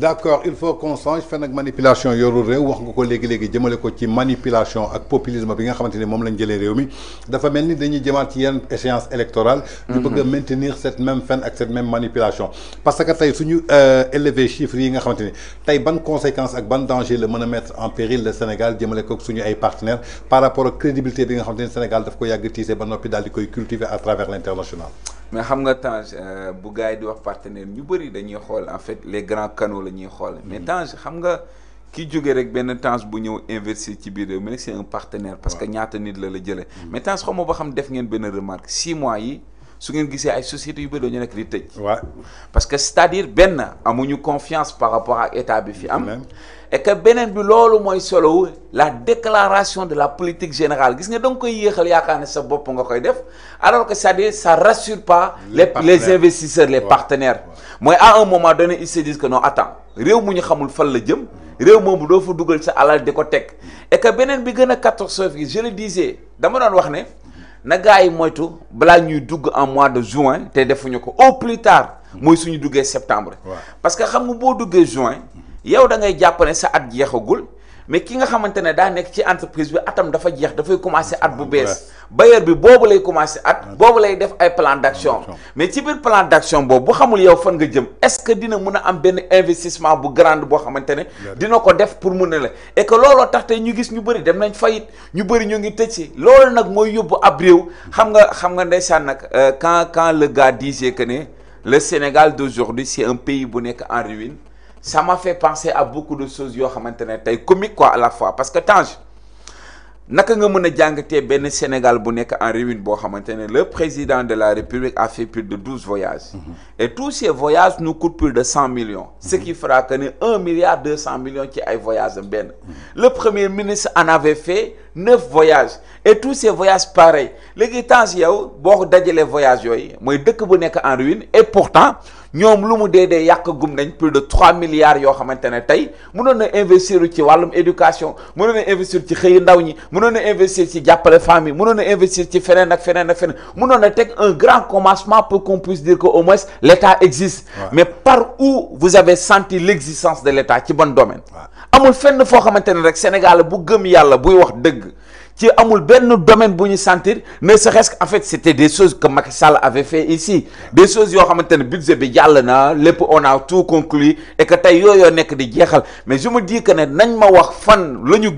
D'accord, il faut qu'on change fen une manipulation yoru réew wax nga ko léegi-léegi jëmale ko ci manipulation ak populisme bi nga xamante ni moom lañ jëlee D'après, mi dafa mel ni dañuy jëmaat ci échéance électorale ñu peux mhm. maintenir cette même fin, ak cette même manipulation parce que tey suñu euh, élevé chiffres yi nga xamante ni tey ban conséquence ak ban danger le mettre en péril le Sénégal jëmale ko suñu ay partenaires par rapport ak crédibilité bi nga xamante ni Sénégal daf ko yàgg tiise ba noppi daal di koy cultiver à travers l'international mais xam nga Tange euh, bu gars yi di wax partenaire ñu bari dañuy xool en fait les grands canaux la ñuy xool mais mm-hmm. Tange xam nga ki jógee rek benn Tange bu ñëw investir ci biir réew mi c'est un partenaire parce que ñaata nit la la jëlee mm-hmm. mais Tange xaw ma ba xam def ngeen benn remarque six mois yi su ngeen gisee ay sociétés yu bëri dañu nekk parce que c'est-à-dire benn amuñu confiance par rapport ak état bi fi am. et que benen bi loolu moy solo la déclaration de la politique générale gis nga da nga koy yéexal yaakaar sa bop nga koy def alors que c'est-à-dire ça rassure pas. les les investisseurs les partenaires. mooy à un moment donné ils se disent que non attends rew mu xamul fan la jëm. rew moomu do fa duggal sa alal déco tek et que benen bi gëna a catastrophe je le disais dama don wax né na gaa yi moytu balaa ñuy dugg en mois de juin te defuñu ko au plus tard mooy suñu duggee septembre. parce que xam nga boo duggee juin yow da ngay jàpp ne sa at jeexagul mais ki nga xamante da nek ci entreprise bi atam dafa jeex fay commencer at bu bees bailleur bi boobu lay commencer at boobu lay def ay plan d'action mais ci bir plan d'action boobu bu xamul yow fan nga jëm est-ce que dina mëna am ben investissement bu grande bo xamante dina ko def pour mëna la et que lolo tax tey ñu gis ñu bari dem nañ fayit ñu bari ñu ngi tëj lolo nak moy mooy ab rew xam nga xam nga ndeysaan nak euh, quand quand le gars disait que ne le Sénégal d'aujourd'hui c'est un pays bu nek en ruine ça m'a fait penser à beaucoup de choses yo xamantene tay quoi à la fois parce que Tange naka nga jangaté Sénégal bu en ruine le président de la République a fait plus de 12 voyages. Mm-hmm. et tous ces voyages nous coûtent plus de 100 millions. ce qui fera que ait un milliard 200 millions qui ay voyages mm-hmm. le premier ministre en avait fait 9 voyages et tous ces voyages pareils légui Tange yow fait les voyages moy dëkk bu en ruine et pourtant ñom lu mu dédé yak gum nañ plus de 3 milliards yo xamante tay mënon na investir ci walum éducation mënon na investir ci xëyu ndaw ñi mënon na investir ci jappalé famille mënon na investir ci feneen ak feneen ak feneen mënon na teg un grand commencement pour qu'on puisse dire que au moins l'État existe mais par où vous avez senti l'existence de l'État ci bon domaine amul fenn fo xamante rek Sénégal bu gëm yalla bu wax dëgg ci amul benn domaine bu santé sentir ne serait-ce en fait c'était des choses que Macky Sall avait fait ici des choses yoo xamante ne budget bi jàll na lépp on a tout conclu et que tey yooyoo nekk di jeexal mais je me dis que ne nañ ma wax fan la ñu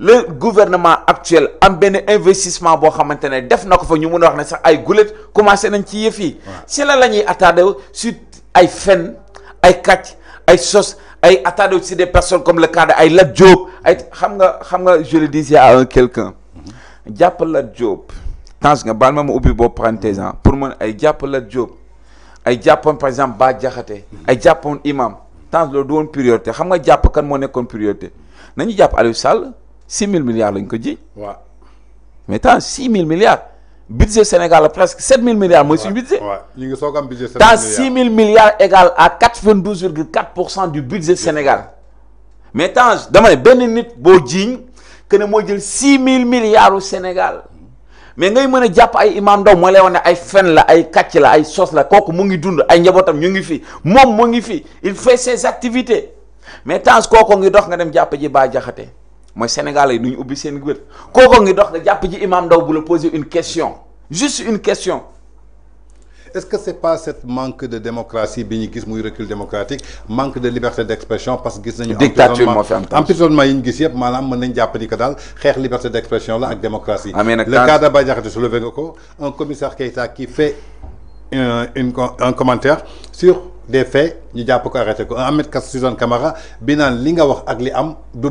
le gouvernement actuel am benn investissement boo xamante ne def na fa ñu mën a wax ne sax ay gulet commencé nañ ci yëf yi. si la la ñuy attardé sur ay fen ay kàcc ay sos ay attaqué aussi des personnes comme le cas de ay Lat ay xam nga xam nga je le disais à un quelqu'un j'appelle Lat job tans nga baal ma ubi bo boobu parenthèse ah. pour mon ay japp Lat job ay jàppoon par exemple Ba jaxate ay jappon imam tans lo du priorité xam nga japp kan mo priorité nañu japp Aliou Sall six mille milliards lañ ko ji wa mais tans six milliards budget Sénégal presque 7000 milliards mooy budget. milliards égal budget Sénégal 6000 milliards égale à 92,4 pour du budget Sénégal mais Tange dama ne que 6000 milliards au Sénégal mais ngay y a ay imam ndaw moo lay ay la ay kàcc la ay sos la kooku ngi dund ay ñu ngi fi il fait ses activités mais ce qu'on ngi dox que dem moi sénégalais yi ñu ubbi seen bët kooko ngi dox imam Ndao bu poser une question juste une question. est-ce que c'est pas cette manque de démocratie bi ñu gis recul démocratique manque de liberté d'expression parce que c'est une dictature en fait am emprisonnement yi ñu gis yëpp maanaam mën nañ jàpp liberté d'expression la ak démocratie ah, le cas d'Aba Diakhaté soulevé nga ko un commissaire Keita qui fait une un commentaire sur des faits ñu n'y ko pas ko arrêter. Ahmed Suzanne Camara bi naan li nga wax ak li am du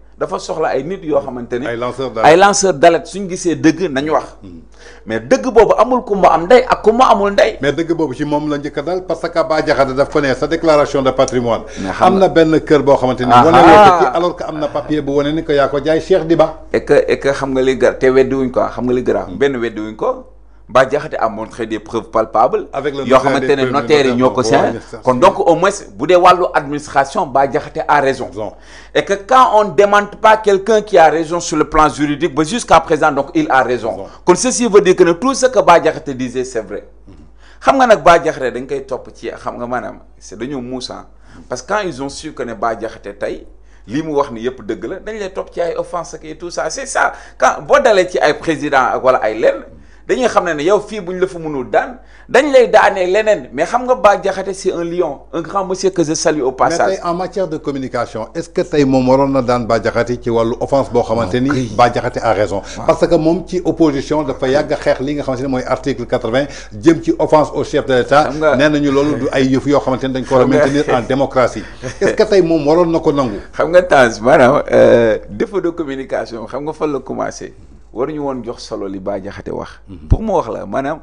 dafa soxla ay nit yoo xamante ni. ay lanceur d'alerte ay lanceur d'alerte suñ gisee dëgg nañu wax. Hmm. mais dëgg boobu amul ku mu am ndey ak ku mu amul ndey. mais dëgg boobu ci moom la njëkk a dal parce que Bah Diakhaté daf ko ne sa déclaration de patrimoine am na benn kër boo xamante ni. Ah, wane woo ko ah. ci alors que am na papier bu wane ni ko yaa ko jaay Cheikh Diba. et que et que xam nga li gër te weddi wuñ ko ah, xam nga li gëraaw hmm. benn weddi wuñ ko. Bah a montré des preuves palpables Avec le notaire. notaires a kon donc au moins si vous wàllu administration Bah a raison et que quand on ne demande pas quelqu'un qui a raison sur le plan juridique jusqu'à présent donc il a raison kon ceci veut dire que tout ce que Bah disait c'est vrai xam nga que Bah Diakhaté dañ koy topp ci xam nga maanaam c'est hein. parce que quand ils ont su que ne est Diakhaté tey lii dit wax ni yëpp dëgg la dañ lay et tout ça c'est ça quand vous allez ci ay président ak wala ay dañuy xamné yow fi buñ la fu mënu daan dañ lay daané leneen mais xam nga Bah Diakhaté c'est un lion un grand monsieur que je salue au passage. mais en matière de communication est-ce que tay mom waroon na daan Bah Diakhaté ci walu offense bo xamanteni ba Bah Diakhaté a raison. parce que mom ci opposition dafa yàgg xex li nga xamanteni moy article 80 vingt jëm ci offense au chef de l'État. nee nañu loolu du ay yëf yo xamanteni ni dañ ko wara maintenir en démocratie est-ce que tay mom waron nako ko nangu. xam nga Tange euh défaut de communication xam nga fa la commencer waruñu won jox solo li ba Diakhaté wax mhm. pour mo wax la manam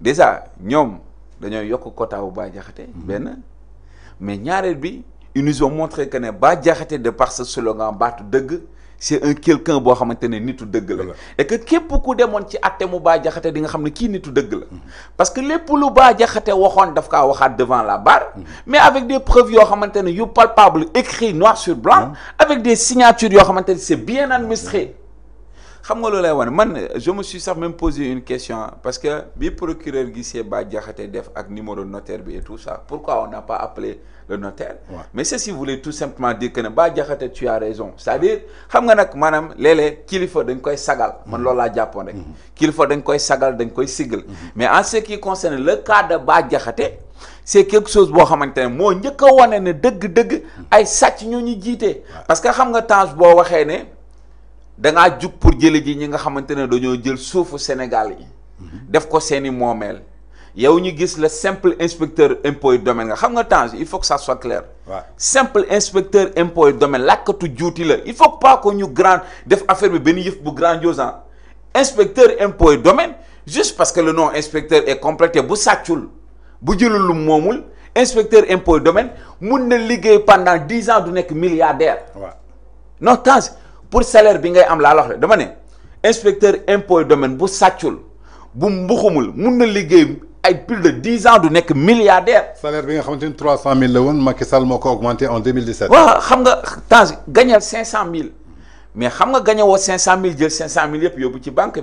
déjà ñom dañoy yok quota ba Bah ben mais ñaareel bi ils nous ont montré que ne ba Diakhaté de par ce slogan baatu deug c'est un quelqu'un bo xamante nitu deug la et que képp ku demoon ci atté mu ba Diakhaté di nga xam ki nitu deug la mhm. parce que lépp lu ba Diakhaté waxone daf ka waxat devant la barre mais avec des preuves yo xamante ne yu palpables écrits noir sur blanc avec des signatures yo xamante c'est bien administré xam nga lay man je me suis sax même posé une question parce que bi procureur gisee ba Diakhaté def ak numéro notaire bi et tout ça pourquoi on n'a pas appelé le notaire ouais. mais ceci voulait tout simplement dire que ne Bah tu as raison c'est-à-dire xam nga nag maanaam léeg-léeg kilifa dañ koy sagal man loolu laa jàppoon rek mhm. faut dañ koy sagal dañ koy sigal. Mhm. mais en ce qui concerne le cas de Bah Diakhaté c'est quelque chose boo xamante ne moo njëkk a wane ne dëgg-dëgg mhm. ay sàcc ñoo ñu jiite parce que xam nga temps boo waxee ne danga ngaa pour jële ji ñi nga xamante dañoo jël soufu Sénégal yi mhm. def ko seeni momel yow ñu gis le simple inspecteur impôt domaine nga xam nga temps il faut que ça soit clair simple inspecteur impôt domaine làkkatu juuti la il faut pas que ñu grand def affaire bi ben yef bu grandiose hein. inspecteur impôt domaine juste parce que le nom inspecteur est complété bu satchul bu jëlul lu momul inspecteur impôt domaine mun na liggéey pendant 10 ans du nek milliardaire non temps pour salaire bi am la wax dama inspecteur impôt domaine bu satchul bu plus de 10 ans du nek milliardaire salaire bi de 300 000 euros, mais augmenté en 2017 Oui, xam nga gagné 500 000 mais xam nga gagné 500 000 jël 500 000 yëpp yóbbu ci banque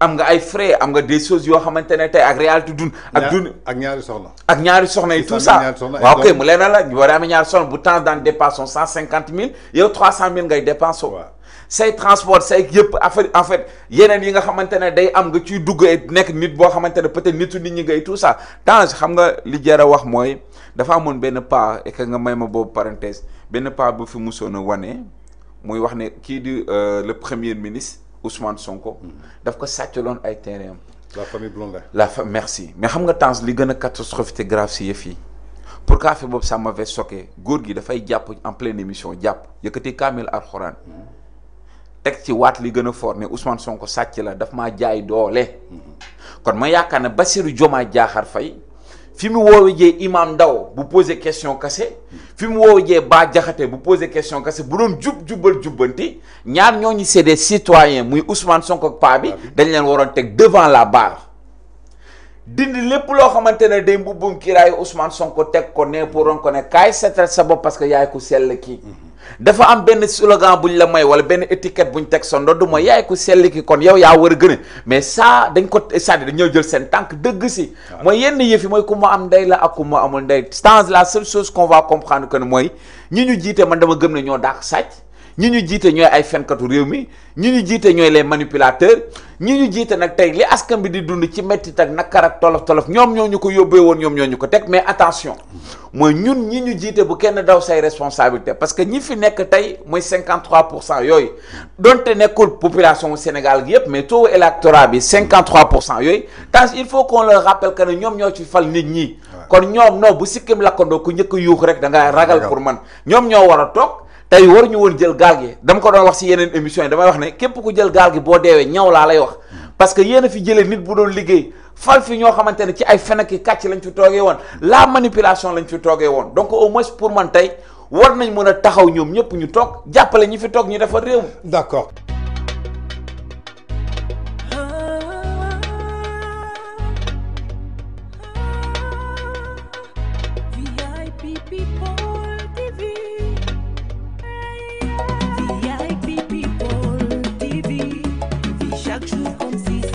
am nga ay frais am nga des choses yo xamantene tay tey ak réalité dund. ak dund ak ñaari soxna. ak ñaari soxna et tout ça wa ok mu leen la ñu war a ñaari soxna bu temps daan dépassons cent cinquante mille yow trois cent mille ngay dépensé say transport say yëpp affaire en fait yenen yi nga xamantene day am nga ci dugg nek nit bo xamantene peut-être nitu nit ñi ngay tout ça Tange xam nga li jar wax moy dafa amone ben pas et que nga may ma parenthèse ben pas bu fi musoon wane muy wax né ki di euh, le premier ministre. Ousmane Sonko. daf ko sàccaloon ay terrain la famille Blondin. la fa merci mais xam nga temps li gëna catastrophe grave ci yëf yi pour que affaire boobu ça m'avait choqué góor gi fay japp en pleine émission jàpp yëkkati kaamil alxuraan. tek ci wat li gëna fort Ousmane Sonko sàcc la daf ma jaay doolé mhm. kon ma yaakaar Bassirou Diomaye Diakhar fay Fimu mu imam daw bu poser question kase fi mu ba jaxaté bu poser question kase bu doon jub jubal jubbanti ñaar ñooñu c'est des citoyens muy Ousmane Sonko ak Paa bi dañ leen waron teg devant la barre dindi lépp loo xamante ne day mbubbum kiiraayu Ousmane Sonko teg ko ne pour ron ko ne kaay seetal sa bopp parce que yaay ku sell kii dafa am benn slogan ñu la may wala benn étiquette ñu teg sa ndodd mooy yaay ku sell ki kon yow yaa war a gën a mais ça dañ ko cest à dañoo jël seen tànk dëgg si mooy yenn yëf yi mooy ku ma am ndey la ak ku ma amul ndey stance la seule chose qu'on va comprendre que mooy ñi ñu jiite man dama gëm ne ñoo dàq sàcc ñi ñu jiite ñooy ay fenkatu réew mi ñi ñu jiite ñooy les manipulateurs ñi ñu jiite nag tey li askan bi di dund ci metti tak nakar ak tolof tolof ñom ñoo ñu ko yóbbee woon ñoom ñoo ñu ko teg mais attention moy ñun ñi ñu jiite bu kenn daw say responsabilité parce que ñi fi nek tay moy 53 yoy cent yooyu donte nekkul population wu Sénégal yépp mais taux électorat bi 53 yoy tas il faut qu'on leur rappelle que ñom ñoom ñoo ci fal nit ñi kon ñom no bu sikkim lakkandoo ku njëkk yuux rek da nga ragal pour man ñom ñoo wara tok tey waruñu woon jël gaal gi dama ko doon wax si yeneen émission yi damay wax ne képp ko jël gaal gi boo deewee ñaw laa lay wax parce que yéen fi jëlee nit bu doon liggéey fal fi ñoo xamante ne ci ay fen ak kàcc lañ fi toogee woon la manipulation lañ fi toogee woon donc au moins pour man tey war nañ mun a taxaw ñoom ñëpp ñu toog jàppale ñu fi toog ñu defar réew mi. d'accord.